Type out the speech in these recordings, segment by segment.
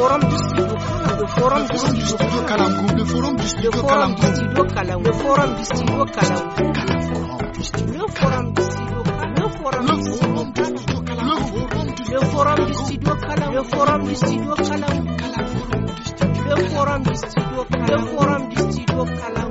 forum district the forum district kalam group the forum district kalam group kalam the forum district kalam the forum district the forum the forum district kalam the forum district kalam the forum district kalam the forum district kalam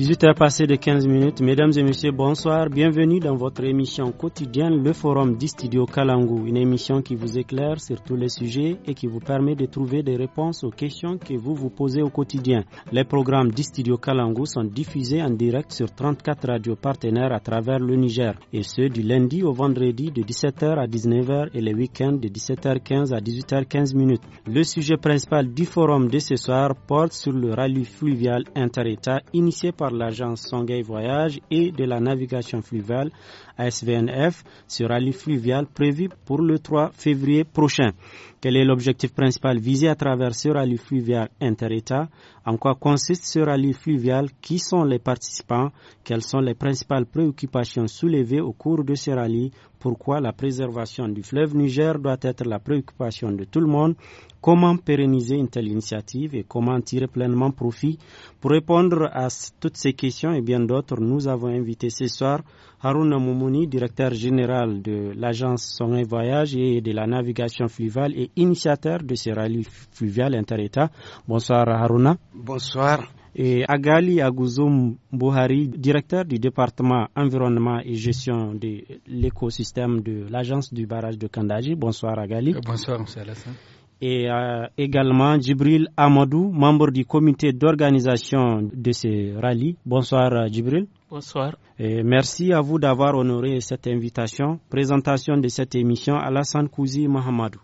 18h passé de 15 minutes, mesdames et messieurs, bonsoir. Bienvenue dans votre émission quotidienne, le forum d'Istudio studio Kalangou. Une émission qui vous éclaire sur tous les sujets et qui vous permet de trouver des réponses aux questions que vous vous posez au quotidien. Les programmes d'Istudio studio Kalangou sont diffusés en direct sur 34 radios partenaires à travers le Niger. Et ce, du lundi au vendredi de 17h à 19h et les week-ends de 17h15 à 18h15 minutes. Le sujet principal du forum de ce soir porte sur le rallye fluvial interétat initié par l'agence Songay Voyage et de la navigation fluviale ASVNF sur rallye fluvial prévu pour le 3 février prochain. Quel est l'objectif principal visé à travers ce rallye fluvial inter-État En quoi consiste ce rallye fluvial Qui sont les participants Quelles sont les principales préoccupations soulevées au cours de ce rallye Pourquoi la préservation du fleuve Niger doit être la préoccupation de tout le monde Comment pérenniser une telle initiative et comment tirer pleinement profit Pour répondre à toutes ces questions et bien d'autres, nous avons invité ce soir Haruna Moumouni, directeur général de l'agence et Voyage et de la navigation fluviale et initiateur de ce rallye fluvial inter-État. Bonsoir Haruna. Bonsoir et Agali Agouzoum Bouhari, directeur du département environnement et gestion de l'écosystème de l'agence du barrage de Kandaji. Bonsoir Agali. Bonsoir Monsieur Alassane et euh, également Djibril Amadou, membre du comité d'organisation de ce rallye. Bonsoir euh, Djibril. Bonsoir. Et merci à vous d'avoir honoré cette invitation. Présentation de cette émission à Alassane Kouzi Mahamadou.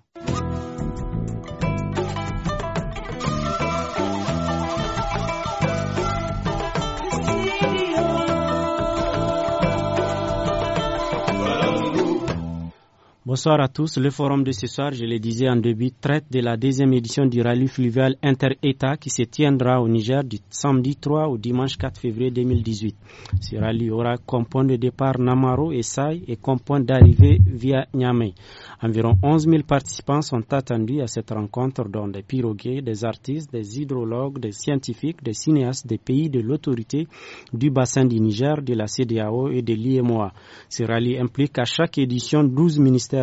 Bonsoir à tous. Le forum de ce soir, je le disais en début, traite de la deuxième édition du rallye fluvial inter-État qui se tiendra au Niger du samedi 3 au dimanche 4 février 2018. Ce rallye aura comme point de départ Namaro et Saï et comme point d'arrivée via Niamey. Environ 11 000 participants sont attendus à cette rencontre dont des pirogues, des artistes, des hydrologues, des scientifiques, des cinéastes des pays de l'autorité du bassin du Niger, de la CDAO et de l'IMOA. Ce rallye implique à chaque édition 12 ministères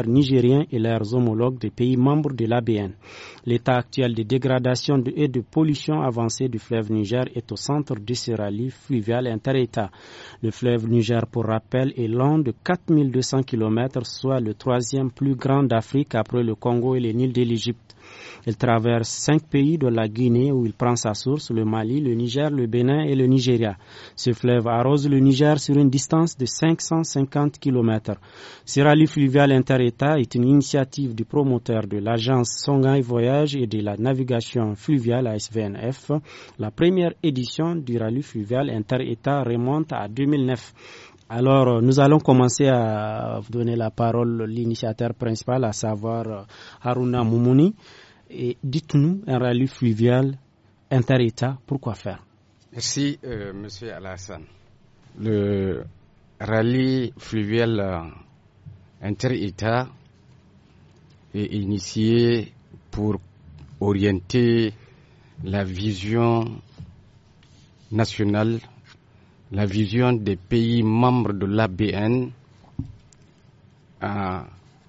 et leurs homologues des pays membres de l'ABN. L'état actuel de dégradation et de pollution avancée du fleuve Niger est au centre de ce rallye fluvial inter-État. Le fleuve Niger, pour rappel, est long de 4200 km, soit le troisième plus grand d'Afrique après le Congo et les Nils de l'Égypte. Il traverse cinq pays de la Guinée où il prend sa source, le Mali, le Niger, le Bénin et le Nigeria. Ce fleuve arrose le Niger sur une distance de 550 km. Ce rallye fluvial inter-État est une initiative du promoteur de l'agence Songhai Voyage et de la navigation fluviale ASVNF. La première édition du rallye fluvial inter-État remonte à 2009. Alors, euh, nous allons commencer à donner la parole l'initiateur principal, à savoir euh, Haruna Moumouni dites-nous, un rallye fluvial inter-État, pourquoi faire Merci, M. Euh, Monsieur Alassane. Le rallye fluvial euh, inter-État est initié pour orienter la vision nationale, la vision des pays membres de l'ABN à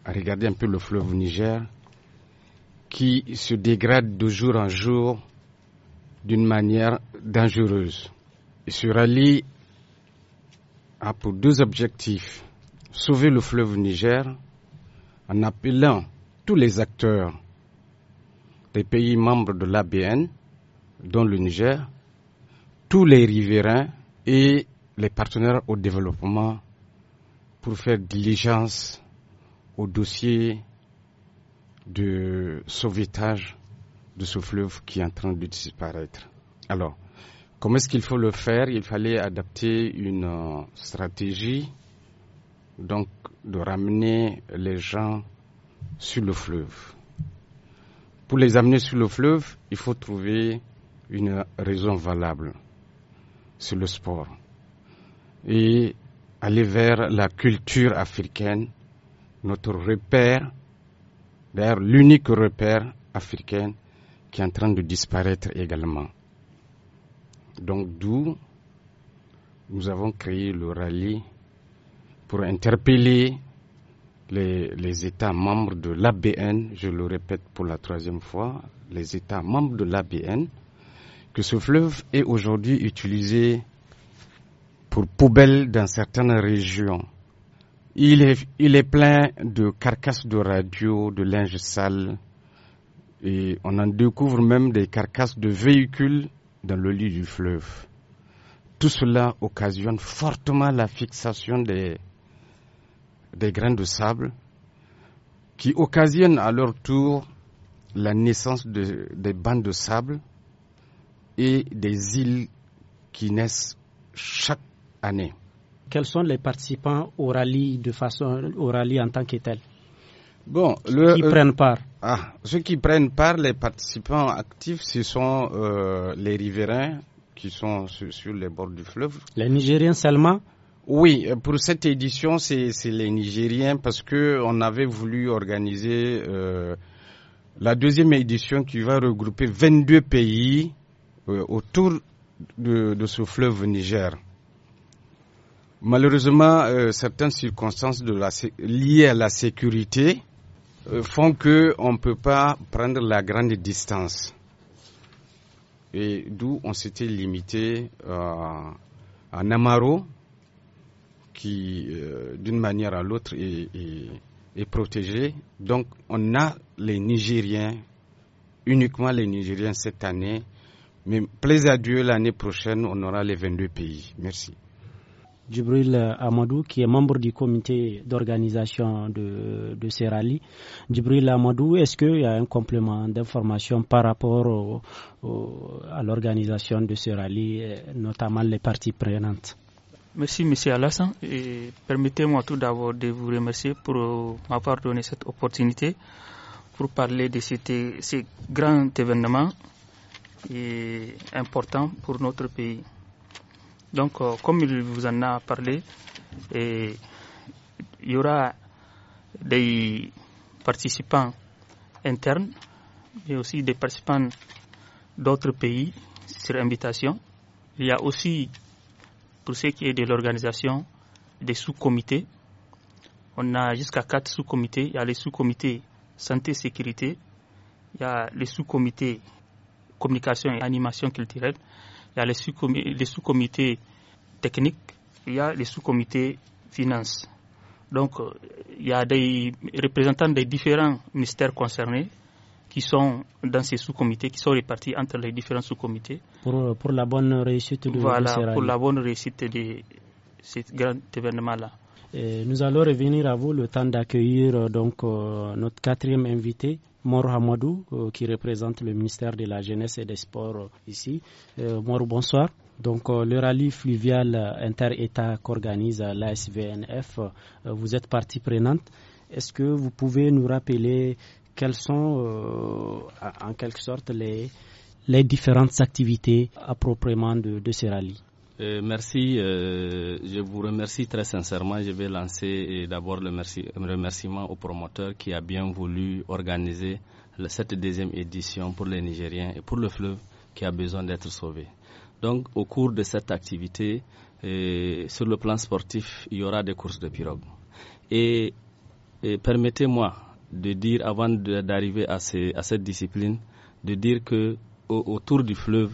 regarder un peu le fleuve Niger qui se dégrade de jour en jour d'une manière dangereuse. Il ce rallye a pour deux objectifs sauver le fleuve Niger en appelant tous les acteurs des pays membres de l'ABN, dont le Niger, tous les riverains et les partenaires au développement pour faire diligence au dossier de sauvetage de ce fleuve qui est en train de disparaître. Alors, comment est-ce qu'il faut le faire Il fallait adapter une euh, stratégie, donc de ramener les gens sur le fleuve. Pour les amener sur le fleuve, il faut trouver une raison valable sur le sport et aller vers la culture africaine, notre repère d'ailleurs l'unique repère africain qui est en train de disparaître également. Donc d'où nous avons créé le rallye pour interpeller les, États membres de l'ABN, je le répète pour la troisième fois, les États membres de l'ABN, que ce fleuve est aujourd'hui utilisé pour poubelle dans certaines régions il est, plein de carcasses de radio, de linge sale, et on en découvre même des carcasses de véhicules dans le lit du fleuve. Tout cela occasionne fortement la fixation des, des grains de sable qui occasionnent à leur tour la naissance de, des bandes de sable et des îles qui naissent chaque année quels sont les participants au rallye de façon au rallye en tant que tel ceux qui euh, prennent part. Ah, ceux qui prennent part, les participants actifs, ce sont euh, les riverains qui sont sur, les bords du fleuve. Les Nigériens seulement Oui, euh, pour cette édition, c'est les Nigériens parce que on avait voulu organiser la deuxième édition qui va regrouper 22 pays autour de, ce fleuve Niger. Malheureusement, euh, certaines circonstances liées à la sécurité euh, font que ne peut pas prendre la grande distance. Et d'où on s'était limité euh, à Namaro, qui, d'une manière à l'autre, est, est, est protégé. Donc, on a les Nigériens uniquement les Nigériens cette année. Mais plais à Dieu, l'année prochaine, on aura les 22 pays. Merci. Djibril Amadou, qui est membre du comité d'organisation de, de ces rallyes. Djibril Amadou, est-ce qu'il y a un complément d'information par rapport à l'organisation de ces rallye, notamment les parties prenantes Merci, Monsieur Alassane. Et permettez-moi tout d'abord de vous remercier pour euh, m'avoir donné cette opportunité pour parler de ces grands événements et important pour notre pays. Donc, euh, comme il vous en a parlé, il y aura des participants internes, et aussi des participants d'autres pays sur invitation. Il y a aussi, pour ce qui est de l'organisation, des sous-comités. On a jusqu'à quatre sous-comités. Il y a les sous-comités santé-sécurité, il y a les sous-comités communication et animation culturelle, il y a les sous-comités techniques, il y a les sous-comités finances. Donc, euh, il y a des représentants des différents ministères concernés qui sont dans ces sous-comités, qui sont répartis entre les différents sous-comités. Pour, euh, la bonne réussite de Voilà, pour la bonne réussite de ce grand événement-là. Nous allons revenir à vous le temps d'accueillir euh, donc notre quatrième invité, Moro Hamadou, euh, qui représente le ministère de la Jeunesse et des Sports euh, ici. Euh, Moro, bonsoir. Donc, le rallye fluvial inter-État qu'organise l'ASVNF, vous êtes partie prenante. Est-ce que vous pouvez nous rappeler quelles sont, en quelque sorte, les, les différentes activités à de, de ces rallyes euh, merci, euh, je vous remercie très sincèrement. Je vais lancer euh, d'abord le remerciement au promoteur qui a bien voulu organiser cette deuxième édition pour les Nigériens et pour le fleuve qui a besoin d'être sauvé. Donc, au cours de cette activité, sur le plan sportif, il y aura des courses de pirogue. Et, permettez-moi de dire, avant d'arriver à, cette discipline, de dire que autour du fleuve,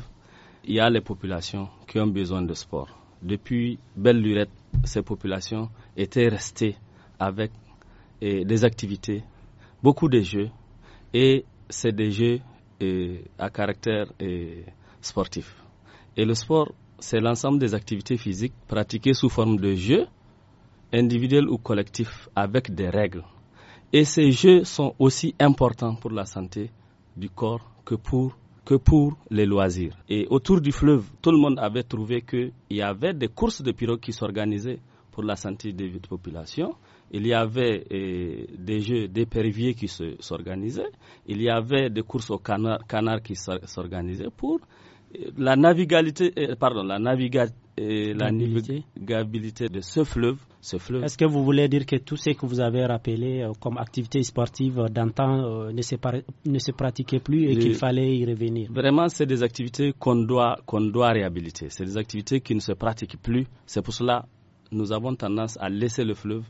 il y a les populations qui ont besoin de sport. Depuis belle lurette, ces populations étaient restées avec eh, des activités, beaucoup de jeux, et c'est des jeux eh, à caractère eh, sportif. Et le sport, c'est l'ensemble des activités physiques pratiquées sous forme de jeux, individuels ou collectifs, avec des règles. Et ces jeux sont aussi importants pour la santé du corps que pour que pour les loisirs. Et autour du fleuve, tout le monde avait trouvé qu'il y avait des courses de pirogues qui s'organisaient pour la santé des populations. Il y avait eh, des jeux d'éperviers qui s'organisaient. Il y avait des courses au canard, qui s'organisaient pour eh, la, navigalité, eh, pardon, la et la navigabilité de ce fleuve. Ce fleuve. Est-ce que vous voulez dire que tout ce que vous avez rappelé euh, comme activité sportive euh, d'antan euh, ne, se ne pratiquait plus et qu'il fallait y revenir Vraiment, c'est des activités qu'on doit, doit réhabiliter. C'est des activités qui ne se pratiquent plus. C'est pour cela que nous avons tendance à laisser le fleuve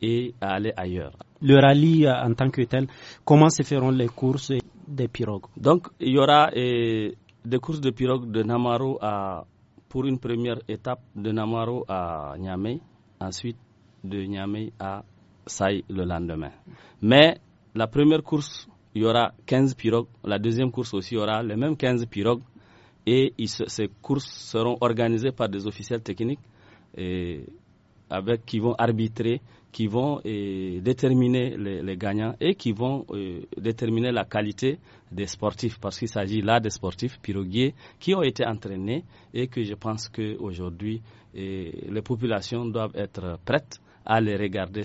et à aller ailleurs. Le rallye en tant que tel, comment se feront les courses des pirogues Donc, il y aura des courses de pirogues de Namaro à pour une première étape de Namaro à Niamey, ensuite de Niamey à Saï le lendemain. Mais la première course, il y aura 15 pirogues. La deuxième course aussi, il y aura les mêmes 15 pirogues. Et ces courses seront organisées par des officiels techniques et avec, qui vont arbitrer, qui vont déterminer les, gagnants et qui vont déterminer la qualité des sportifs, parce qu'il s'agit là des sportifs piroguiers qui ont été entraînés et que je pense qu'aujourd'hui, eh, les populations doivent être prêtes à les regarder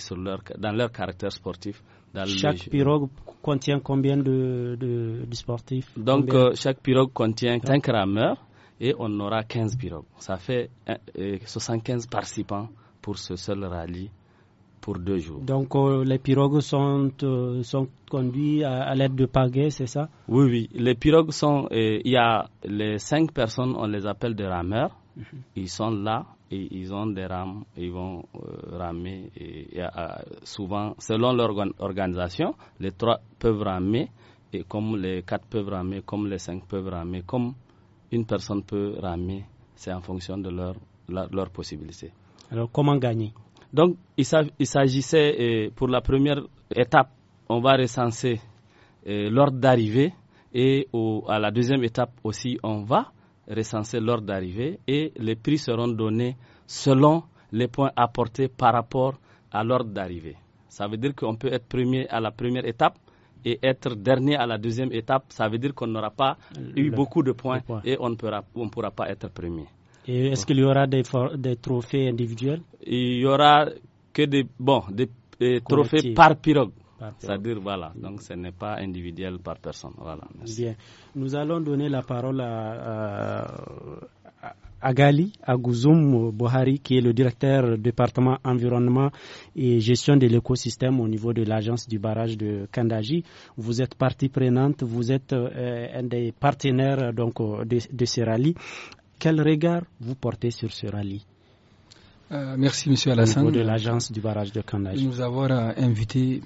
dans leur caractère sportif. chaque pirogue contient combien de, sportifs Donc, euh, chaque pirogue contient un 5 rameurs et on aura 15 pirogues. Ça fait 75 eh, eh, participants pour ce seul rallye pour deux jours. Donc euh, les pirogues sont, euh, sont conduites à, l'aide de pagaies, c'est ça Oui, oui. Les pirogues sont. Euh, il y a les cinq personnes, on les appelle des rameurs. Mhm. Ils sont là et ils ont des rames, ils vont ramer. Et, souvent, selon leur organisation, les trois peuvent ramer et comme les quatre peuvent ramer, comme les cinq peuvent ramer, comme une personne peut ramer, c'est en fonction de leur, leur possibilité. Alors, comment gagner donc, il s'agissait euh, pour la première étape, on va recenser euh, l'ordre d'arrivée et à la deuxième étape aussi, on va recenser l'ordre d'arrivée et les prix seront donnés selon les points apportés par rapport à l'ordre d'arrivée. Ça veut dire qu'on peut être premier à la première étape et être dernier à la deuxième étape. Ça veut dire qu'on n'aura pas eu beaucoup de points, et on ne pourra, pas être premier. est-ce qu'il y aura des trophées individuels il y aura que des, bon, des, trophées par pirogue. C'est-à-dire, voilà, donc ce n'est pas individuel par personne. Bien. Nous allons donner la parole à, à, Bohari, qui est le directeur département environnement et gestion de l'écosystème au niveau de l'agence du barrage de Kandaji. Vous êtes partie prenante, vous êtes euh, un des partenaires donc, euh, de, de ce rallye. Quel regard vous portez sur ce rallye euh, merci, Monsieur Alassane. de l'agence du barrage de nous avoir euh, invités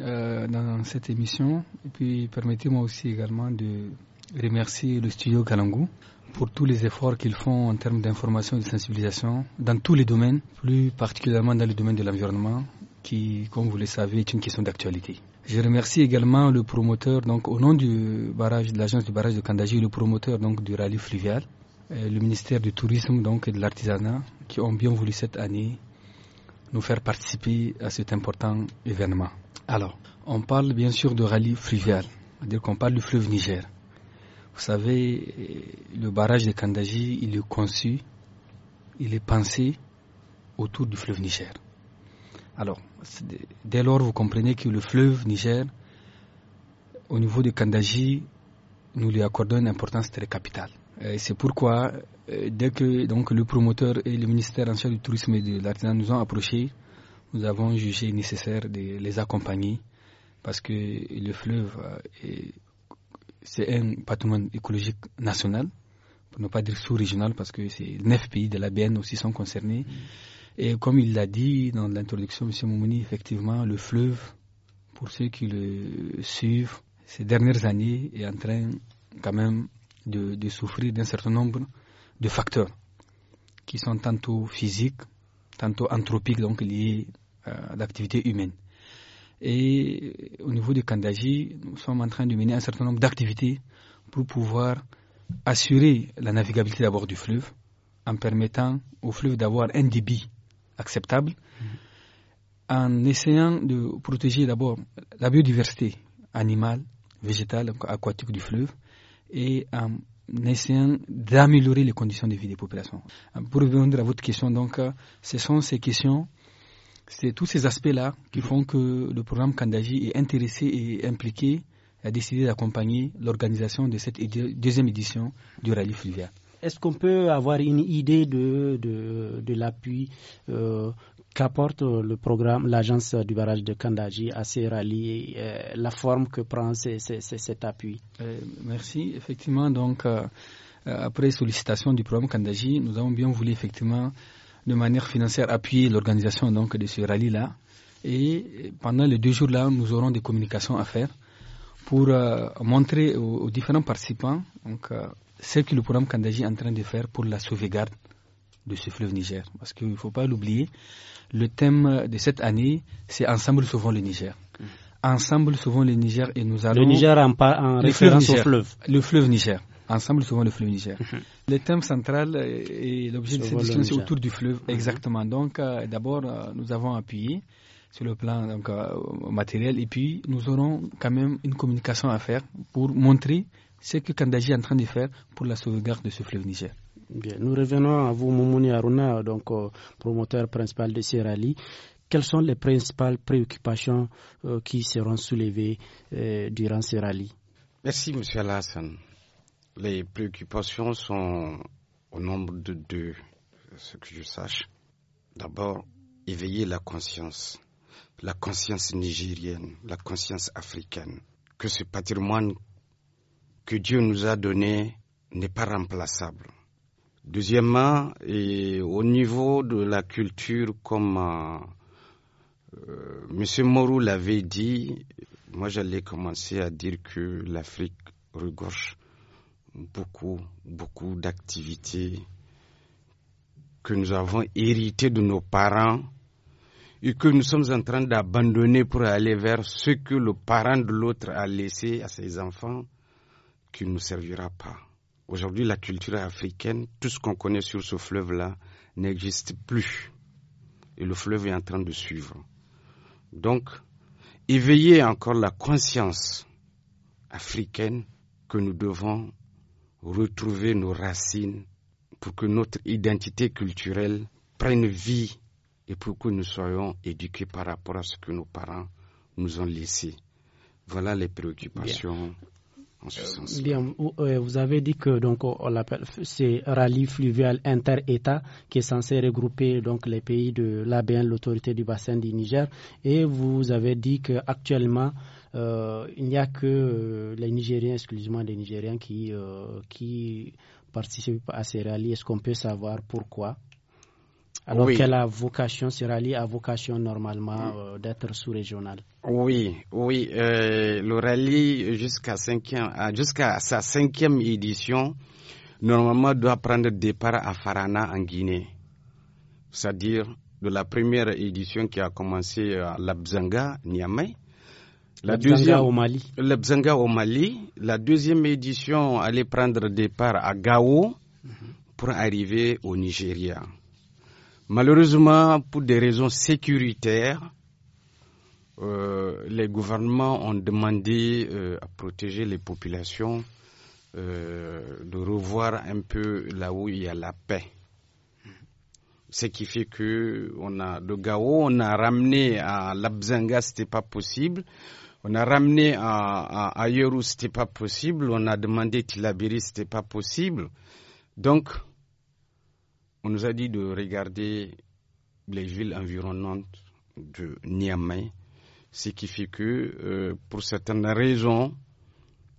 euh, dans cette émission. Et puis, permettez-moi aussi également de remercier le studio Kalangou pour tous les efforts qu'ils font en termes d'information et de sensibilisation dans tous les domaines, plus particulièrement dans le domaine de l'environnement, qui, comme vous le savez, est une question d'actualité. Je remercie également le promoteur, donc au nom du barrage, de l'agence du barrage de Kandaji, le promoteur donc du rallye fluvial, le ministère du Tourisme donc et de l'Artisanat, qui ont bien voulu cette année nous faire participer à cet important événement. Alors, on parle bien sûr de rallye fluvial, c'est-à-dire qu'on parle du fleuve Niger. Vous savez, eh, le barrage de Kandaji, il est conçu, il est pensé autour du fleuve Niger. Alors, dès lors, vous comprenez que le fleuve Niger, au niveau de Kandaji, nous lui accordons une importance très capitale. Euh, c'est pourquoi, euh, dès que donc, le promoteur et le ministère en charge du tourisme et de l'artisan nous ont approchés, nous avons jugé nécessaire de les accompagner parce que le fleuve, euh, c'est un patrimoine écologique national, pour ne pas dire sous-régional, parce que c'est neuf pays de la BN aussi sont concernés. Mmh. Et comme il l'a dit dans l'introduction, M. Moumouni, effectivement, le fleuve, pour ceux qui le suivent, ces dernières années, est en train quand même de, souffrir d'un certain nombre de facteurs qui sont tantôt physiques, tantôt anthropiques, donc liés euh, à l'activité humaine. Et au niveau de Kandaji, nous sommes en train de mener un certain nombre d'activités pour pouvoir assurer la navigabilité d'abord du fleuve, en permettant au fleuve d'avoir un débit acceptable, mm-hmm. en essayant de protéger d'abord la biodiversité animale, végétale, aquatique du fleuve, et en essayant d'améliorer les conditions de vie des populations. Euh, pour répondre à votre question, donc, euh, ce sont ces questions, c'est tous ces aspects-là qui font que le programme Kandaji est intéressé et impliqué à décider d'accompagner l'organisation de cette deuxième édition du Rallye fluvial. Est-ce qu'on peut avoir une idée de, l'appui euh, qu'apporte le programme, l'agence du barrage de Kandaji à ces rallyes, et euh, la forme que prend cet appui euh, Merci. Effectivement, donc, après sollicitation du programme Kandaji, nous avons bien voulu effectivement, de manière financière, appuyer l'organisation donc de ce rallye-là. Et pendant les deux jours-là, nous aurons des communications à faire pour montrer aux, aux, différents participants donc, ce que le programme Kandaji est en train de faire pour la sauvegarde de ce fleuve Niger. Parce qu'il ne faut pas l'oublier, le thème de cette année, c'est Ensemble sauvons le Niger. Mm. Ensemble sauvons le Niger et nous allons. Le Niger en, référence au fleuve. Le fleuve Niger. Ensemble sauvons le fleuve Niger. Mm-hmm. Le thème central et l'objet de cette discussion, c'est autour du fleuve. Mm-hmm. Exactement. Donc, euh, d'abord, euh, nous avons appuyé sur le plan donc, euh, matériel et puis nous aurons quand même une communication à faire pour montrer ce que Kandaji est en train de faire pour la sauvegarde de ce fleuve Niger. Bien, nous revenons à vous, Moumouni Aruna, donc euh, promoteur principal de rallies. Quelles sont les principales préoccupations euh, qui seront soulevées euh, durant ces rallyes? Merci, M. Alassane. Les préoccupations sont au nombre de deux, ce que je sache. D'abord, éveiller la conscience, la conscience nigérienne, la conscience africaine, que ce patrimoine que Dieu nous a donné n'est pas remplaçable. Deuxièmement, au niveau de la culture, comme euh, euh M. Morou l'avait dit, moi j'allais commencer à dire que l'Afrique regorge beaucoup, beaucoup d'activités que nous avons héritées de nos parents et que nous sommes en train d'abandonner pour aller vers ce que le parent de l'autre a laissé à ses enfants qui ne nous servira pas. Aujourd'hui, la culture africaine, tout ce qu'on connaît sur ce fleuve-là, n'existe plus. Et le fleuve est en train de suivre. Donc, éveillez encore la conscience africaine que nous devons retrouver nos racines pour que notre identité culturelle prenne vie et pour que nous soyons éduqués par rapport à ce que nos parents nous ont laissé. Voilà les préoccupations. Euh, euh, vous avez dit que donc on l'appelle c'est rallye fluvial inter-État qui est censé regrouper donc les pays de l'ABN, l'autorité du bassin du Niger, et vous avez dit que actuellement euh, il n'y a que les Nigériens, exclusivement les Nigériens qui qui participent à ces rallyes. Est-ce qu'on peut savoir pourquoi? alors oui. a la vocation rallye a vocation normalement euh, d'être sous régional Oui, oui. Euh, le rallye euh, jusqu'à sa cinquième édition, normalement doit prendre départ à Farana en Guinée. C'est-à-dire de la première édition qui a commencé à Labzanga, Niamey. La deuxième, au Labzanga au Mali. La deuxième édition allait prendre départ à Gao mhm. pour arriver au Nigeria. Malheureusement, pour des raisons sécuritaires, euh, les gouvernements ont demandé euh, à protéger les populations euh, de revoir un peu là où il y a la paix. Ce qui fait que on a de Gao, on a ramené à Labzanga, n'était pas possible. On a ramené à, à ailleurs où pas possible. On a demandé Tilabiri, c'était pas possible. Donc on nous a dit de regarder les villes environnantes de Niamey, ce qui fait que euh, pour certaines raisons,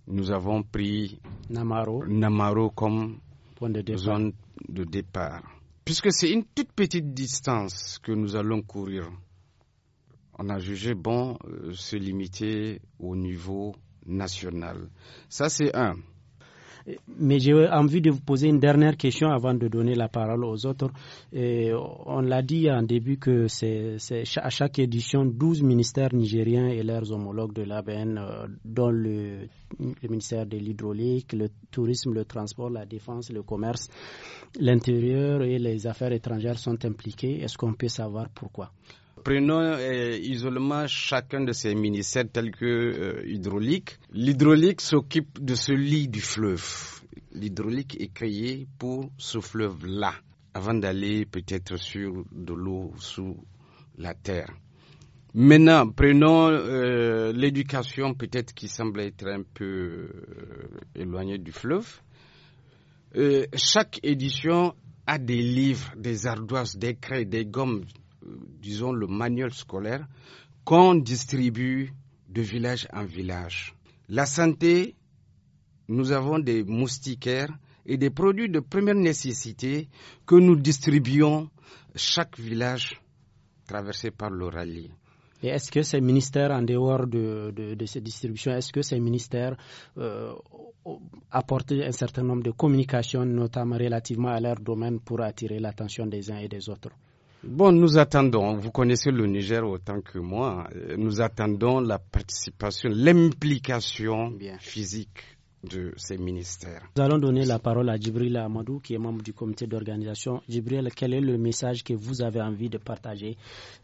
nous avons pris Namaro, comme zone de départ. Puisque c'est une toute petite distance que nous allons courir, on a jugé bon euh, se limiter au niveau national. Ça, c'est un. Mais j'ai envie de vous poser une dernière question avant de donner la parole aux autres. on l'a dit en début que c'est à chaque édition 12 ministères nigériens et leurs homologues de l'ABN, euh, dont le, le ministère de l'hydraulique, le tourisme, le transport, la défense, le commerce, l'intérieur et les affaires étrangères sont impliqués. Est-ce qu'on peut savoir pourquoi Prenons euh, isolement chacun de ces ministères tels que l'hydraulique. Euh, hydraulique. L'hydraulique s'occupe de ce lit du fleuve. L'hydraulique est créée pour ce fleuve-là, avant d'aller peut-être sur de l'eau sous la terre. Maintenant, prenons euh, l'éducation peut-être qui semble être un peu éloignée du fleuve. chaque édition a des livres, des ardoises, des craies, des gommes, euh, disons, le manuel scolaire qu'on distribue de village en village. La santé, nous avons des moustiquaires et des produits de première nécessité que nous distribuons chaque village traversé par le rallye. Et est-ce que ces ministères, en dehors de, ces distributions, est-ce que ces ministères euh, apportent un certain nombre de communications, notamment relativement à leur domaine, pour attirer l'attention des uns et des autres Bon, nous attendons, vous connaissez le Niger autant que moi, euh, nous attendons la participation, l'implication physique de ces ministères. Nous allons donner la parole à Djibril Amadou, qui est membre du comité d'organisation. Djibril, quel est le message que vous avez envie de partager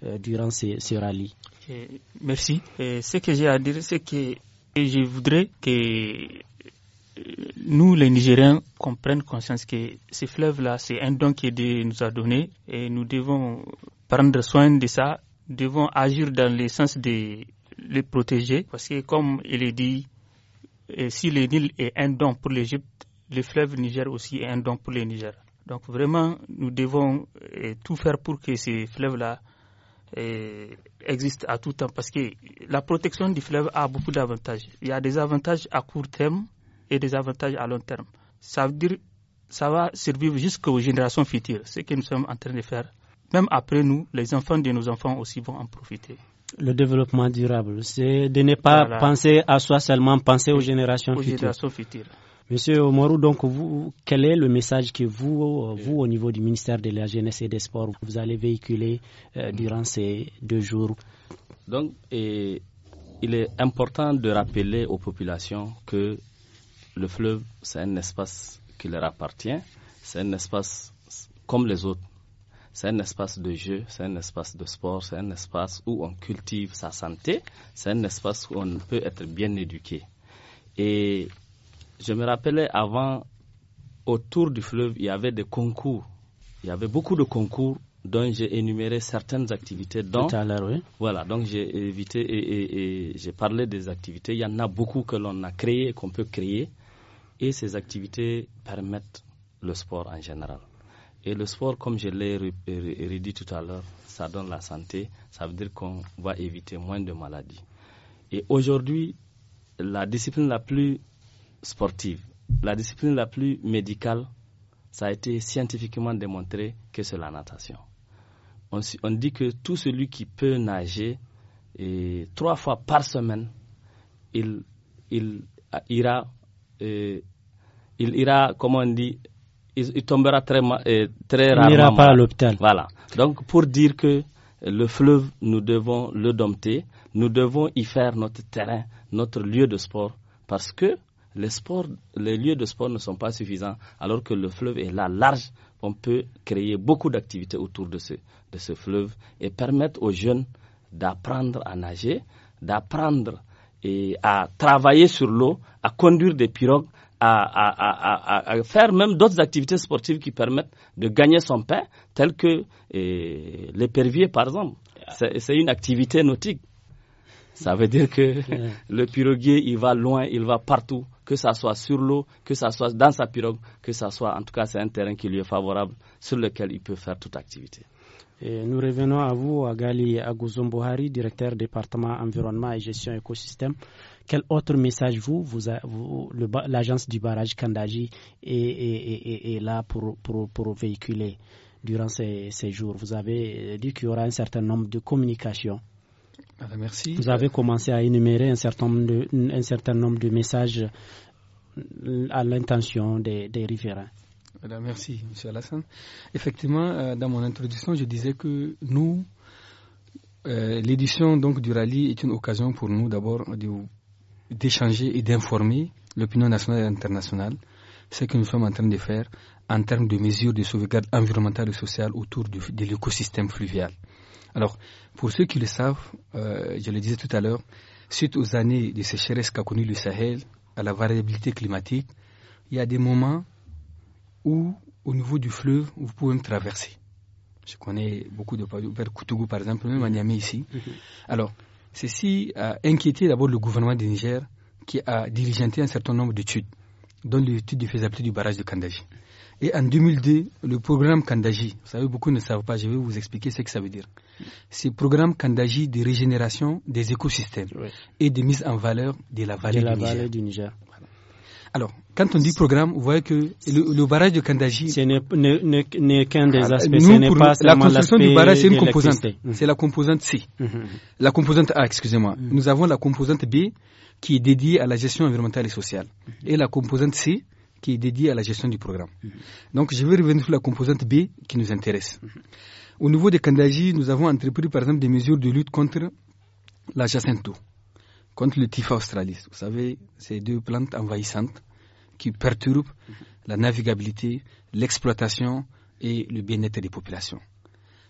euh, durant ces, ce euh, Merci. ce que j'ai à dire, c'est que je voudrais que nous, les Nigériens, comprenons conscience que ces fleuves-là, c'est un don qui nous a donné et nous devons prendre soin de ça, devons agir dans le sens de les protéger parce que, comme il est dit, si le Nil est un don pour l'Égypte, le fleuve Niger aussi est un don pour les Niger. Donc vraiment, nous devons tout faire pour que ces fleuves-là existent à tout temps parce que la protection du fleuve a beaucoup d'avantages. Il y a des avantages à court terme et des avantages à long terme. Ça veut dire ça va survivre jusqu'aux générations futures, ce que nous sommes en train de faire. Même après nous, les enfants de nos enfants aussi vont en profiter. Le développement durable, c'est de ne pas penser à soi seulement, penser aux générations futures. Monsieur Omorou, donc vous, quel est le message que vous, vous au niveau du ministère de la Jeunesse et des Sports, vous allez véhiculer euh, durant ces deux jours Donc, et, il est important de rappeler aux populations que le fleuve, c'est un espace qui leur appartient, c'est un espace comme les autres. C'est un espace de jeu, c'est un espace de sport, c'est un espace où on cultive sa santé, c'est un espace où on peut être bien éduqué. Et je me rappelais avant, autour du fleuve, il y avait des concours. Il y avait beaucoup de concours dont j'ai énuméré certaines activités. Dont, à Voilà, donc j'ai évité et, j'ai parlé des activités. Il y en a beaucoup que l'on a créées, qu'on peut créer et ces activités permettent le sport en général. Et le sport, comme je l'ai redit tout à l'heure, ça donne la santé, ça veut dire qu'on va éviter moins de maladies. Et aujourd'hui, la discipline la plus sportive, la discipline la plus médicale, ça a été scientifiquement démontré que c'est la natation. On, dit que tout celui qui peut nager et trois fois par semaine, il, il ira il ira, comment on dit, il, tombera très, très rarement. Il n'ira pas à l'hôpital. Voilà. Donc, pour dire que le fleuve, nous devons le dompter, nous devons y faire notre terrain, notre lieu de sport, parce que les, sports, les lieux de sport ne sont pas suffisants, alors que le fleuve est là large. On peut créer beaucoup d'activités autour de ce, de ce fleuve et permettre aux jeunes d'apprendre à nager, d'apprendre à travailler sur l'eau, à conduire des pirogues, à, faire même d'autres activités sportives qui permettent de gagner son pain, telles que eh, l'épervier, par exemple. C'est une activité nautique. Ça veut dire que le piroguier, il va loin, il va partout, que ça soit sur l'eau, que ça soit dans sa pirogue, que ça soit, en tout cas, c'est un terrain qui lui est favorable, sur lequel il peut faire toute activité nous revenons à vous, Agali Gali Agouzombohari, directeur département environnement et gestion écosystème. Quel autre message vous, l'agence du barrage Kandaji est, là pour, véhiculer durant ces, jours Vous avez dit qu'il y aura un certain nombre de communications. Vous avez commencé à énumérer un certain nombre de, messages à l'intention des, des riverains. Merci, M. Alassane. Effectivement, euh, dans mon introduction, je disais que nous, euh, l'édition du rallye est une occasion pour nous d'abord d'échanger et d'informer l'opinion nationale et internationale ce que nous sommes en train de faire en termes de mesures de sauvegarde environnementale et sociale autour de, l'écosystème fluvial. Alors, pour ceux qui le savent, euh, je le disais tout à l'heure, suite aux années de sécheresse qu'a connu le Sahel, à la variabilité climatique, il y a des moments ou au niveau du fleuve vous pouvez me traverser. Je connais beaucoup de vers Koutougou par exemple, même à Niamey ici. Mhm. Alors, ceci a inquiété d'abord le gouvernement du Niger qui a diligenté un certain nombre d'études, dont l'étude de faisabilité du barrage de Kandaji. Et en 2002, le programme Kandaji, vous savez, beaucoup ne savent pas, je vais vous expliquer ce que ça veut dire. C'est le programme Kandaji de régénération des écosystèmes et de mise en valeur de la vallée, vallée du Niger. Alors, quand on dit programme, vous voyez que le, barrage de Kandaji. Ce n'est qu'un des ah, aspects. la construction du barrage, c'est une composante. Mmh. C'est la composante C. Mmh, mmh, la composante A, excusez-moi. Nous avons la composante B qui est dédiée à la gestion environnementale et sociale. Et la composante C qui est dédiée à la gestion du programme. Donc, je vais revenir sur la composante B qui nous intéresse. Au niveau de Kandaji, nous avons entrepris, par exemple, des mesures de lutte contre la jacinto, contre le Tifa australis. Vous savez, ces deux plantes envahissantes qui perturbent la navigabilité, l'exploitation et le bien-être des populations.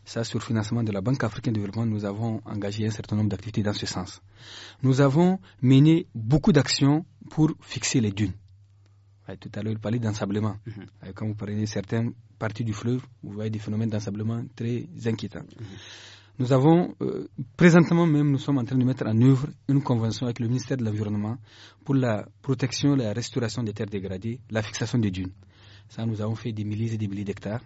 Ça, sur le financement de la Banque africaine de développement, nous avons engagé un certain nombre d'activités dans ce sens. Nous avons mené beaucoup d'actions pour fixer les dunes. Tout à l'heure, il parlait d'ensablement. Quand mhm. vous parlez certaines parties du fleuve, vous voyez des phénomènes d'ensablement très inquiétants. Mhm. Nous avons, euh, présentement même, nous sommes en train de mettre en œuvre une convention avec le ministère de l'Environnement pour la protection et la restauration des terres dégradées, la fixation des dunes. Ça, nous avons fait des milliers et des milliers d'hectares.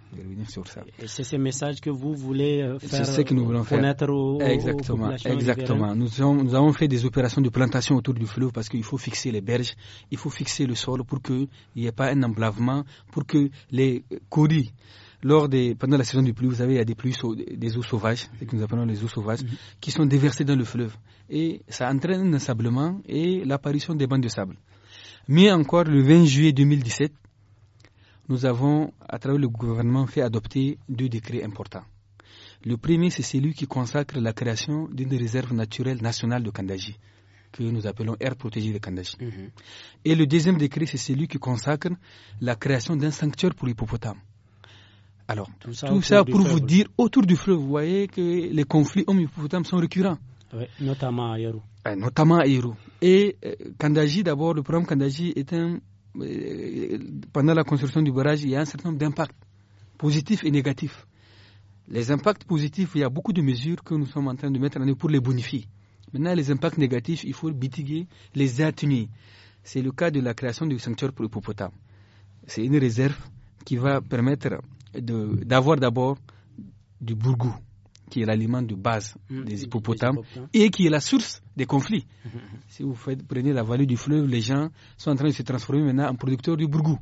Et c'est ce message que vous voulez euh, faire que nous euh, connaître Aux, Exactement. exactement. Nous, avons, nous avons fait des opérations de plantation autour du fleuve parce qu'il faut fixer les berges, il faut fixer le sol pour qu'il n'y ait pas un emblavement, pour que les couris, lors des, pendant la saison du pluie, vous avez il y a des pluies, des eaux sauvages, ce que nous appelons les eaux sauvages, mhm. qui sont déversées dans le fleuve. Et ça entraîne un sablement et l'apparition des bandes de sable. Mais encore, le 20 juillet 2017, nous avons, à travers le gouvernement, fait adopter deux décrets importants. Le premier, c'est celui qui consacre la création d'une réserve naturelle nationale de Kandaji, que nous appelons aire protégée de Kandaji. Mhm. Et le deuxième décret, c'est celui qui consacre la création d'un sanctuaire pour l'hippopotame. Alors, tout ça, pour vous dire, autour du fleuve, vous voyez que les conflits hommes-hippopotames sont récurrents. Oui, notamment à Yerou. Eh, notamment à Et euh, Kandaji, d'abord, le programme Kandaji est un euh, pendant la construction du barrage, il y a un certain nombre d'impacts positifs et négatifs. Les impacts positifs, il y a beaucoup de mesures que nous sommes en train de mettre en œuvre pour les bonifier. Maintenant, les impacts négatifs, il faut mitiguer, les atténuer. C'est le cas de la création du sanctuaire pour l'hippopotame. C'est une réserve qui va permettre d'avoir d'abord du bourgou, qui est l'aliment de base mmh, des hippopotames et qui est la source des conflits. Mmh, mmh, si vous prenez la vallée du fleuve, les gens sont en train de se transformer maintenant en producteurs du bourgou.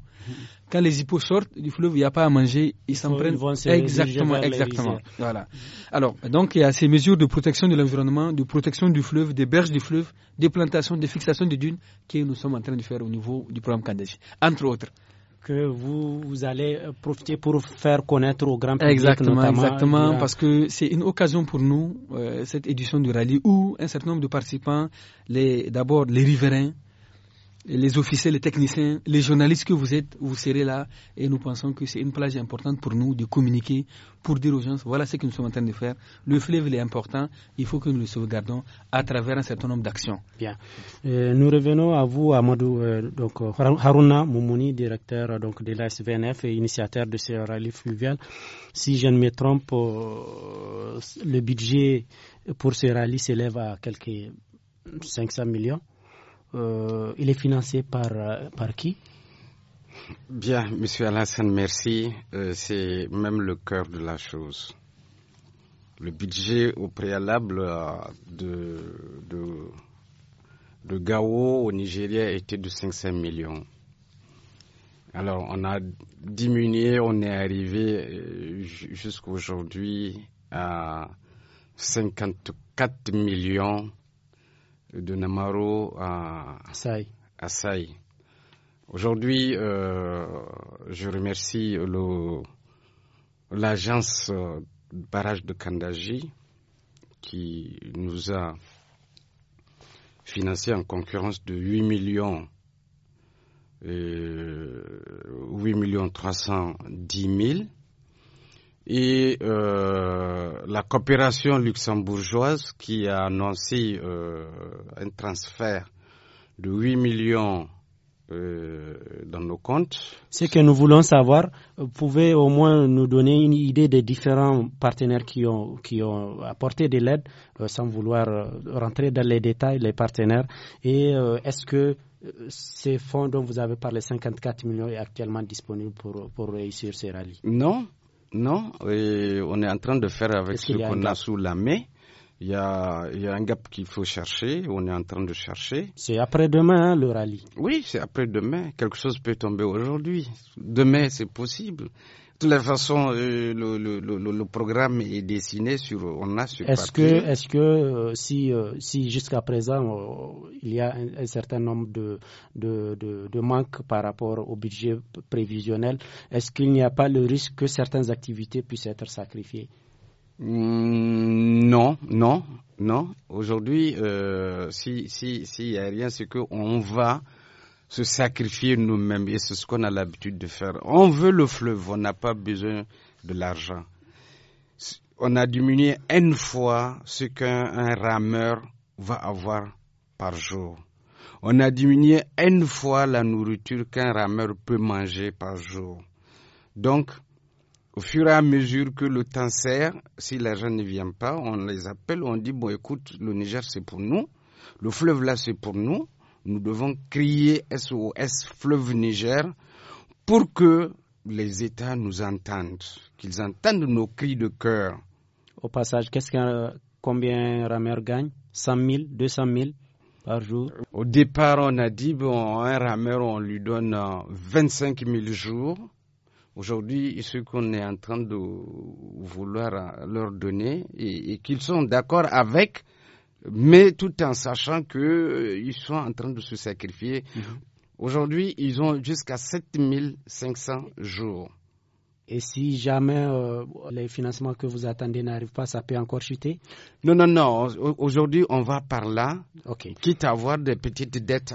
Quand les hippos sortent du fleuve, il n'y a pas à manger, ils s'en prennent. exactement, exactement. Voilà. Alors, donc, il y a ces mesures de protection de l'environnement, de protection du fleuve, des berges du fleuve, des plantations, des fixations de dunes que nous sommes en train de faire au niveau du programme Kandeshi, entre autres que vous, allez euh, profiter pour faire connaître au grand public. Exactement, exactement, parce que c'est une occasion pour nous, euh, cette édition du rallye, où un certain nombre de participants, les d'abord les riverains, les officiers, les techniciens, les journalistes que vous êtes, vous serez là et nous pensons que c'est une plage importante pour nous de communiquer, pour dire aux gens, voilà ce que nous sommes en train de faire. Le fleuve est important, il faut que nous le sauvegardons à travers un certain nombre d'actions. Bien. Euh, nous revenons à vous, euh, euh, Haruna Moumouni, directeur donc, de l'ASVNF et initiateur de ce rallye fluvial. Si je ne me trompe, le budget pour ce rallye s'élève à quelques 500 millions. Euh, il est financé par, euh, par qui Bien, Monsieur Alassane, merci. Euh, c'est même le cœur de la chose. Le budget au préalable de, de, Gao au Nigeria était de 500 millions. Alors, on a diminué, on est arrivé jusqu'aujourd'hui à 54 millions de Namaro à Assaï. Aujourd'hui, euh, je remercie l'agence euh, barrage de Kandaji qui nous a financé en concurrence de 8 millions 8 euh, millions 310 000 et euh, la coopération luxembourgeoise qui a annoncé euh, un transfert de 8 millions euh, dans nos comptes. Ce que nous voulons savoir, vous pouvez au moins nous donner une idée des différents partenaires qui ont, qui ont apporté de l'aide, sans vouloir rentrer dans les détails, les partenaires. Et est-ce que ces fonds dont vous avez parlé, 54 millions, est actuellement disponible pour, pour réussir ces rallyes Non, non, et on est en train de faire avec ce qu'on a, sous la main. Il y, a, il y a, un gap qu'il faut chercher, on est en train de chercher. C'est après-demain hein, le rallye Oui, c'est après-demain. Quelque chose peut tomber aujourd'hui. Demain, c'est possible. De les façon, euh, le, programme est dessiné sur. On a Est-ce que, est-ce que euh, si, euh, si jusqu'à présent il y a un, certain nombre de de, de, manques par rapport au budget prévisionnel, est-ce qu'il n'y a pas le risque que certaines activités puissent être sacrifiées mmh, Non, non, non. Aujourd'hui, si s'il n'y a rien, c'est qu'on va se sacrifier nous-mêmes et c'est ce qu'on a l'habitude de faire. On veut le fleuve, on n'a pas besoin de l'argent. On a diminué une fois ce qu'un rameur va avoir par jour. On a diminué une fois la nourriture qu'un rameur peut manger par jour. Donc, au fur et à mesure que le temps sert, si l'argent ne vient pas, on les appelle, on dit, bon écoute, le Niger c'est pour nous, le fleuve là c'est pour nous, nous devons crier SOS fleuve Niger pour que les États nous entendent, qu'ils entendent nos cris de cœur. Au passage, qu'est-ce combien un rameur gagne 100 000, 200 000 par jour Au départ, on a dit, bon, un rameur, on lui donne 25 euh, 000 jours. Aujourd'hui, ce qu'on est en train de vouloir euh, leur donner et qu'ils sont d'accord avec, mais tout en sachant qu'ils euh, sont en train de se sacrifier. Mhm. Aujourd'hui, ils ont jusqu'à 7500 jours. Et si jamais euh, les financements que vous attendez n'arrivent pas, ça peut encore chuter Non, non, non. Aujourd'hui, on va par là, quitte à avoir des petites dettes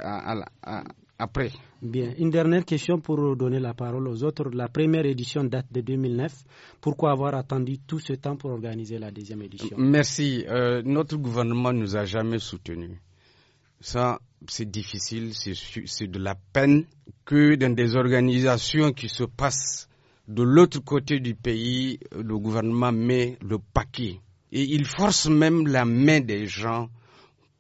après. Bien. Une dernière question pour donner la parole aux autres. La première édition date de 2009. Pourquoi avoir attendu tout ce temps pour organiser la deuxième édition Merci. Euh, notre gouvernement nous a jamais soutenus. Ça, c'est difficile, c'est de la peine que dans des organisations qui se passent de l'autre côté du pays, le gouvernement met le paquet. Et il force même la main des gens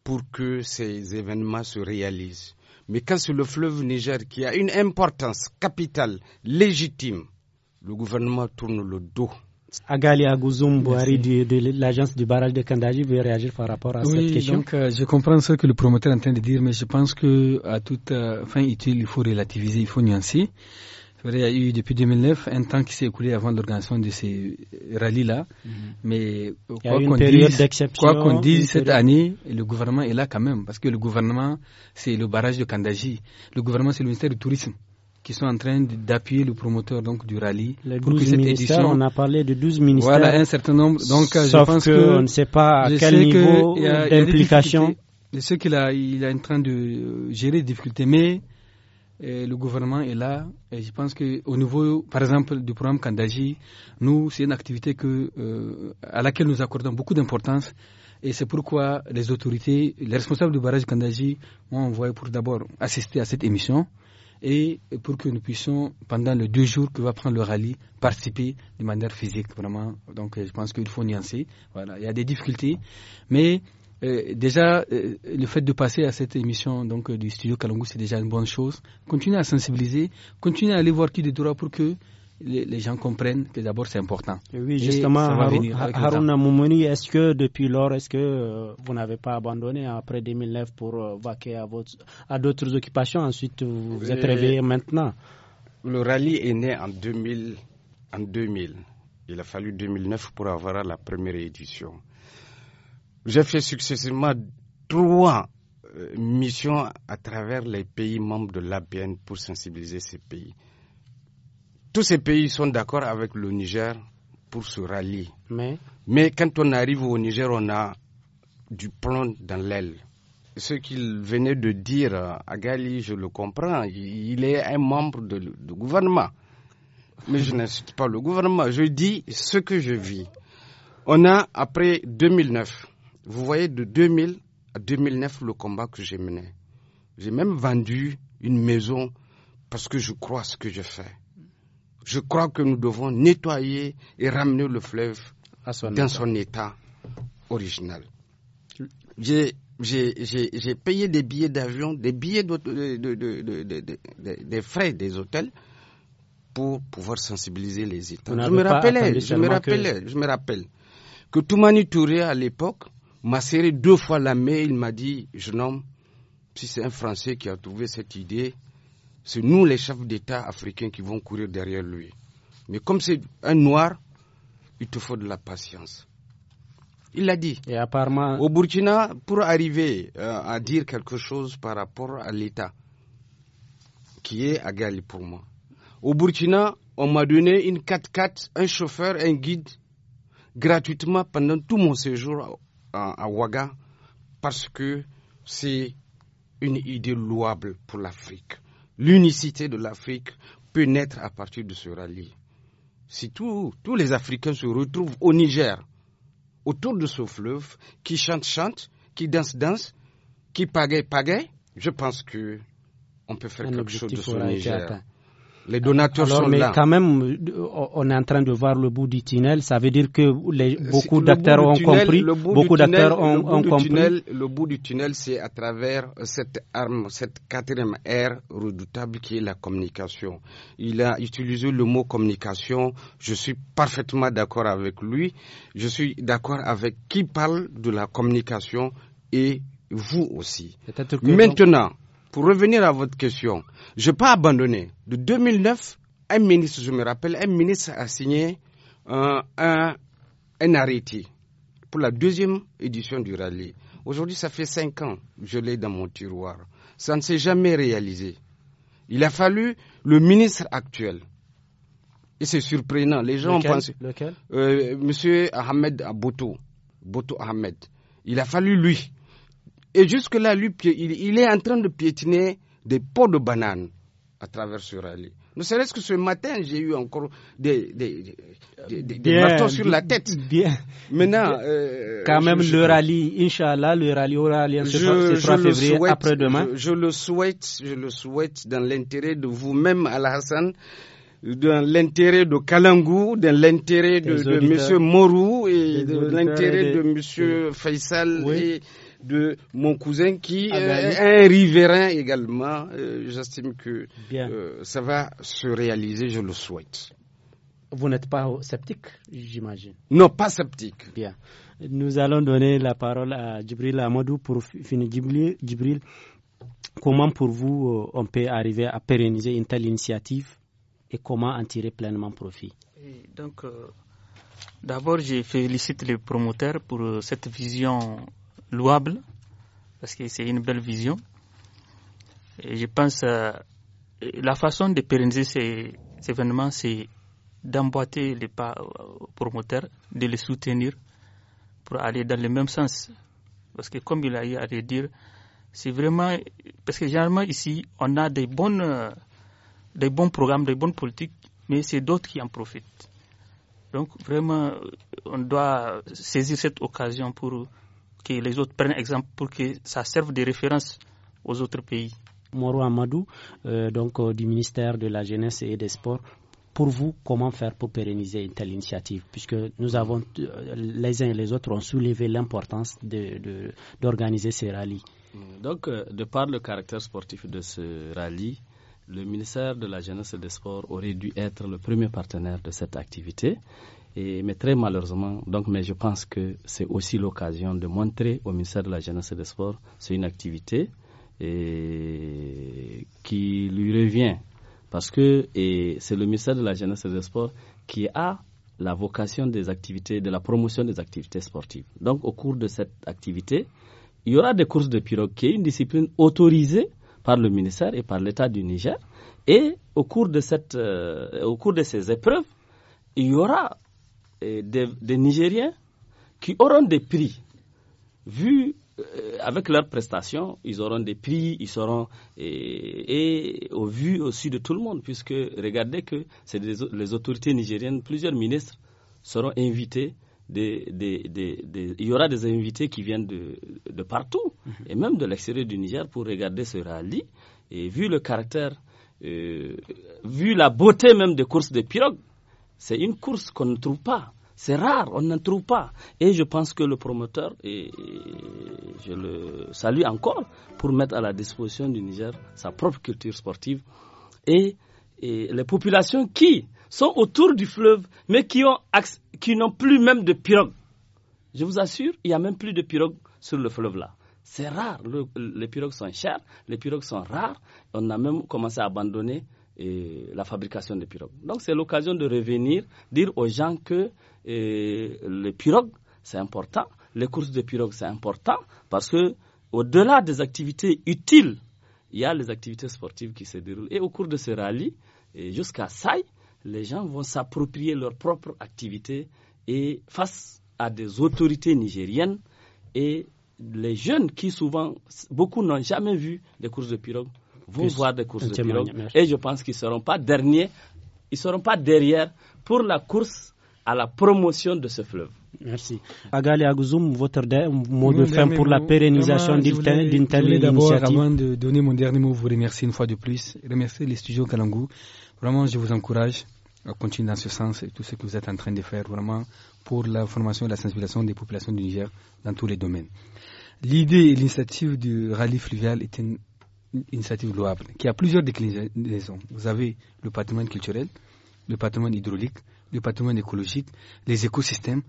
pour que ces événements se réalisent. Mais quand sur le fleuve Niger qui a une importance capitale, légitime, le gouvernement tourne le dos. Agali Agouzoum Bouhari de, l'agence du barrage de Kandaji veut réagir par rapport à cette question. Donc, euh, je comprends ce que le promoteur est en train de dire, mais je pense que à toute euh, fin utile, il faut relativiser, il faut nuancer il y a eu depuis 2009 un temps qui s'est écoulé avant l'organisation de ces rallyes-là. Mais quoi qu'on dise, quoi dise cette année, le gouvernement est là quand même. Parce que le gouvernement, c'est le barrage de Kandaji. Le gouvernement, c'est le ministère du Tourisme qui sont en train d'appuyer le promoteur donc du rallye pour que cette édition on a parlé de 12 ministères voilà un certain nombre donc sauf je pense que, ne sait pas à quel niveau d'implication je qu'il a il est en train de gérer des difficultés mais le gouvernement est là. Et je pense qu'au niveau, par exemple, du programme Kandaji, nous, c'est une activité que, euh, à laquelle nous accordons beaucoup d'importance. Et c'est pourquoi les autorités, les responsables du barrage Kandaji m'ont envoyé pour d'abord assister à cette émission et pour que nous puissions, pendant les deux jours que va prendre le rallye, participer de manière physique, vraiment. Donc, je pense qu'il faut nuancer. Voilà, il y a des difficultés, mais euh, déjà, euh, le fait de passer à cette émission euh, du studio Kalangou, c'est déjà une bonne chose. Continuez à sensibiliser, continuez à aller voir qui de pour que les, gens comprennent que d'abord c'est important. Oui, justement, Haruna Moumouni, est-ce que depuis lors, est-ce que vous n'avez pas abandonné après 2009 pour vaquer à, à d'autres occupations Ensuite, vous êtes réveillé maintenant Le rallye est né en 2000. En 2000. Il a fallu 2009 pour avoir la première édition. J'ai fait successivement trois euh, missions à travers les pays membres de l'APN pour sensibiliser ces pays. Tous ces pays sont d'accord avec le Niger pour se rallier. Mais, Mais quand on arrive au Niger, on a du plomb dans l'aile. Ce qu'il venait de dire à euh, Gali, je le comprends. Il est un membre du gouvernement. Mais je n'insiste pas le gouvernement. Je dis ce que je vis. On a, après 2009, vous voyez, de 2000 à 2009, le combat que j'ai mené. J'ai même vendu une maison parce que je crois à ce que je fais. Je crois que nous devons nettoyer et ramener le fleuve dans son état original. Mm. J'ai payé des billets d'avion, des billets de, de, de, des frais des hôtels pour pouvoir sensibiliser les États. Je me, rappelais, je me rappelais, je me rappelle que Toumani Touré à l'époque m'a serré deux fois la main. Il m'a dit, jeune homme, si c'est un Français qui a trouvé cette idée, c'est nous les chefs d'État africains qui vont courir derrière lui. Mais comme c'est un noir, il te faut de la patience. Il l'a dit. Et apparemment... Au Burkina, pour arriver euh, à dire quelque chose par rapport à l'État, qui est à Gali pour moi. Au Burkina, on m'a donné une 4x4, un chauffeur, un guide, gratuitement pendant tout mon séjour à Ouaga parce que c'est une idée louable pour l'Afrique. L'unicité de l'Afrique peut naître à partir de ce rallye. Si tous les Africains se retrouvent au Niger, autour de ce fleuve, qui chantent, chantent, qui dansent, dansent, qui pagaient, pagaient, je pense que on peut faire quelque chose de ce Niger. Les donateurs sont là. mais quand même, euh, on est en train de voir le bout du tunnel. Ça veut dire que beaucoup d'acteurs ont compris. Beaucoup d'acteurs ont, le bout du Tunnel, le bout du tunnel, c'est à travers cette arme, cette quatrième ère redoutable qui est la communication. Il a utilisé le mot communication. Je suis parfaitement d'accord avec lui. Je suis d'accord avec qui parle de la communication et vous aussi. Maintenant, pour revenir à votre question, je n'ai pas abandonné. De 2009, un ministre, je me rappelle, un ministre a signé euh, un, un arrêté pour la deuxième édition du rallye. Aujourd'hui, ça fait cinq ans que je l'ai dans mon tiroir. Ça ne s'est jamais réalisé. Il a fallu le ministre actuel. Et c'est surprenant. Les gens pensent. Lequel euh, Monsieur Ahmed Aboto. Boto Ahmed. Il a fallu lui et jusque-là, lui, il, est en train de piétiner des pots de bananes à travers ce rallye. Ne serait-ce que ce matin, j'ai eu encore des, des, sur la tête. Bien. Maintenant. Euh, Quand même, le rallye, Inch'Allah, le rallye aura lieu ce 3 février, après-demain. Je, le souhaite, je le souhaite dans l'intérêt de vous-même, Al-Hassan dans l'intérêt de Kalangou, dans l'intérêt de, de M. Morou et de l'intérêt de, Monsieur M. Faisal et de mon cousin qui ah ben, est un riverain également. Euh, j'estime que euh, ça va se réaliser, je le souhaite. Vous n'êtes pas sceptique, j'imagine. Non, pas sceptique. Bien. Nous allons donner la parole à Djibril Amadou pour finir. Djibril, comment pour vous euh, on peut arriver à pérenniser une telle initiative et comment en tirer pleinement profit Donc, d'abord, je félicite les promoteurs pour cette vision louable parce que c'est une belle vision. Et je pense que euh, la façon de pérenniser ces, événements, c'est d'emboîter les pas aux promoteurs, de les soutenir pour aller dans le même sens. Parce que comme il a eu à le dire, c'est vraiment parce que généralement ici on a des bonnes des bons programmes, des bonnes politiques, mais c'est d'autres qui en profitent. Donc vraiment on doit saisir cette occasion pour que les autres prennent exemple pour que ça serve de référence aux autres pays. Moro Amadou, euh, donc euh, du ministère de la Jeunesse et des Sports. Pour vous, comment faire pour pérenniser une telle initiative Puisque nous avons, euh, les uns et les autres ont soulevé l'importance d'organiser ces rallyes. Donc, de par le caractère sportif de ce rallye, le ministère de la Jeunesse et des Sports aurait dû être le premier partenaire de cette activité. Et, mais très malheureusement, donc, mais je pense que c'est aussi l'occasion de montrer au ministère de la Jeunesse et des Sports, c'est une activité et, qui lui revient. Parce que c'est le ministère de la Jeunesse et des Sports qui a la vocation des activités, de la promotion des activités sportives. Donc, au cours de cette activité, il y aura des courses de pirogue, qui est une discipline autorisée par le ministère et par l'État du Niger. Et au cours de, cette, euh, au cours de ces épreuves, il y aura des, Nigériens qui auront des prix. Vu euh, avec leurs prestations, ils auront des prix, ils seront et, au vu aussi de tout le monde, puisque regardez que c'est les autorités nigériennes, plusieurs ministres seront invités des, il y aura des invités qui viennent de, de partout, mhm. et même de l'extérieur du Niger, pour regarder ce rallye. Et vu le caractère, euh, vu la beauté même des courses de pirogues, c'est une course qu'on ne trouve pas. C'est rare, on n'en trouve pas. Et je pense que le promoteur, et je le salue encore, pour mettre à la disposition du Niger sa propre culture sportive et, les populations qui sont autour du fleuve, mais qui ont qui n'ont plus même de pirogue. Je vous assure, il n'y a même plus de pirogue sur le fleuve là. C'est rare, les pirogues sont chères, les pirogues sont rares. On a même commencé à abandonner et la fabrication des pirogues. Donc c'est l'occasion de revenir, dire aux gens que eh, les pirogues, c'est important, les courses de pirogues, c'est important, parce que au-delà des activités utiles, il y a les activités sportives qui se déroulent. Et au cours de ce rallye, jusqu'à Saï, les gens vont s'approprier leur propre activité et face à des autorités nigériennes et les jeunes qui souvent, beaucoup n'ont jamais vu des courses de pirogue, voir des courses de et je pense qu'ils ne seront pas derniers, ils seront pas derrière pour la course à la promotion de ce fleuve. Merci. Agali Agouzoum, votre mot de mmh, fin pour la pérennisation d'une telle initiative. avant de donner mon dernier mot, vous remercier une fois de plus, remercier les studios Kalangou. Vraiment, je vous encourage à continuer dans ce sens et tout ce que vous êtes en train de faire, vraiment, pour la formation et la sensibilisation des populations du Niger dans tous les domaines. L'idée et l'initiative du rallye fluvial est une initiative louable qui a plusieurs déclinaisons. Vous avez le patrimoine culturel, le patrimoine hydraulique, le patrimoine écologique, les écosystèmes.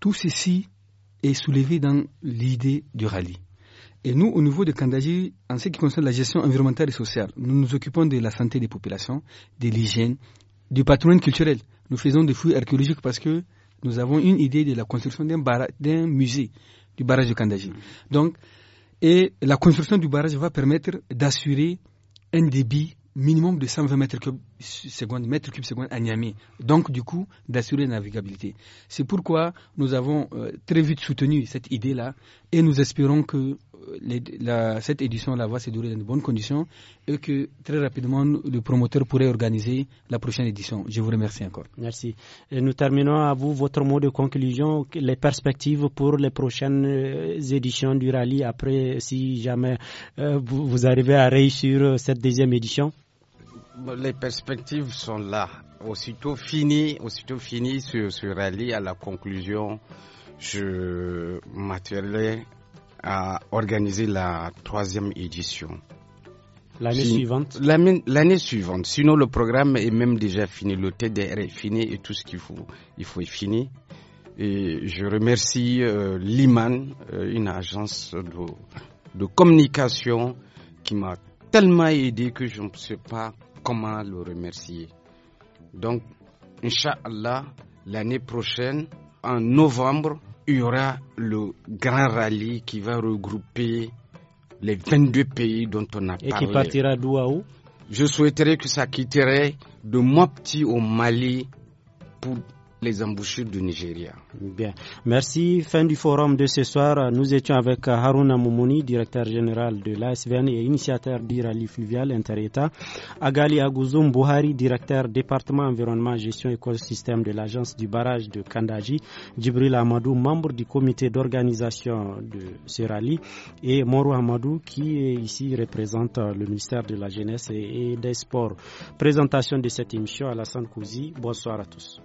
Tout ceci est soulevé dans l'idée du rallye. Et nous, au niveau de Kandaji, en ce qui concerne la gestion environnementale et sociale, nous nous occupons de la santé des populations, de l'hygiène, du patrimoine culturel. Nous faisons des fouilles archéologiques parce que nous avons une idée de la construction d'un musée, du barrage de Kandaji. Donc, et la construction du barrage va permettre d'assurer un débit minimum de 120 mètres cubes secondes, à Niamey. Donc, du coup, d'assurer la navigabilité. C'est pourquoi nous avons euh, très vite soutenu cette idée-là et nous espérons que cette édition la voix s'est déroulée dans de bonnes conditions et que très rapidement, le promoteur pourrait organiser la prochaine édition. Je vous remercie encore. Merci. nous terminons à vous votre mot de conclusion, les perspectives pour les prochaines euh, éditions du rallye après, si jamais euh, vous, arrivez à réussir euh, cette deuxième édition les perspectives sont là. Aussitôt fini, aussitôt fini ce, ce rallye à la conclusion, je m'attirerai à organiser la troisième édition. L'année suivante L'année suivante. Sinon, le programme est même déjà fini. Le TDR est fini et tout ce qu'il faut, il faut est fini. Et je remercie euh, Liman, euh, une agence de, de communication qui m'a tellement aidé que je ne sais pas comment le remercier. Donc, Inch'Allah, l'année prochaine, en novembre, il y aura le grand rallye qui va regrouper les 22 pays dont on a parlé. Et qui partira d'où à où Je souhaiterais que ça quitterait de Mopti au Mali pour les embouchures du Nigeria. Bien. Merci. Fin du forum de ce soir. Nous étions avec Haruna Moumouni, directeur général de l'ASVN et initiateur du rallye fluvial inter-État. Agali Agouzoum Bouhari, directeur département environnement, gestion et écosystème de l'agence du barrage de Kandaji. Djibril Amadou, membre du comité d'organisation de ce rallye. Et Moro Amadou, qui ici représente le ministère de la Jeunesse et des Sports. Présentation de cette émission à la Sankouzi. Bonsoir à tous.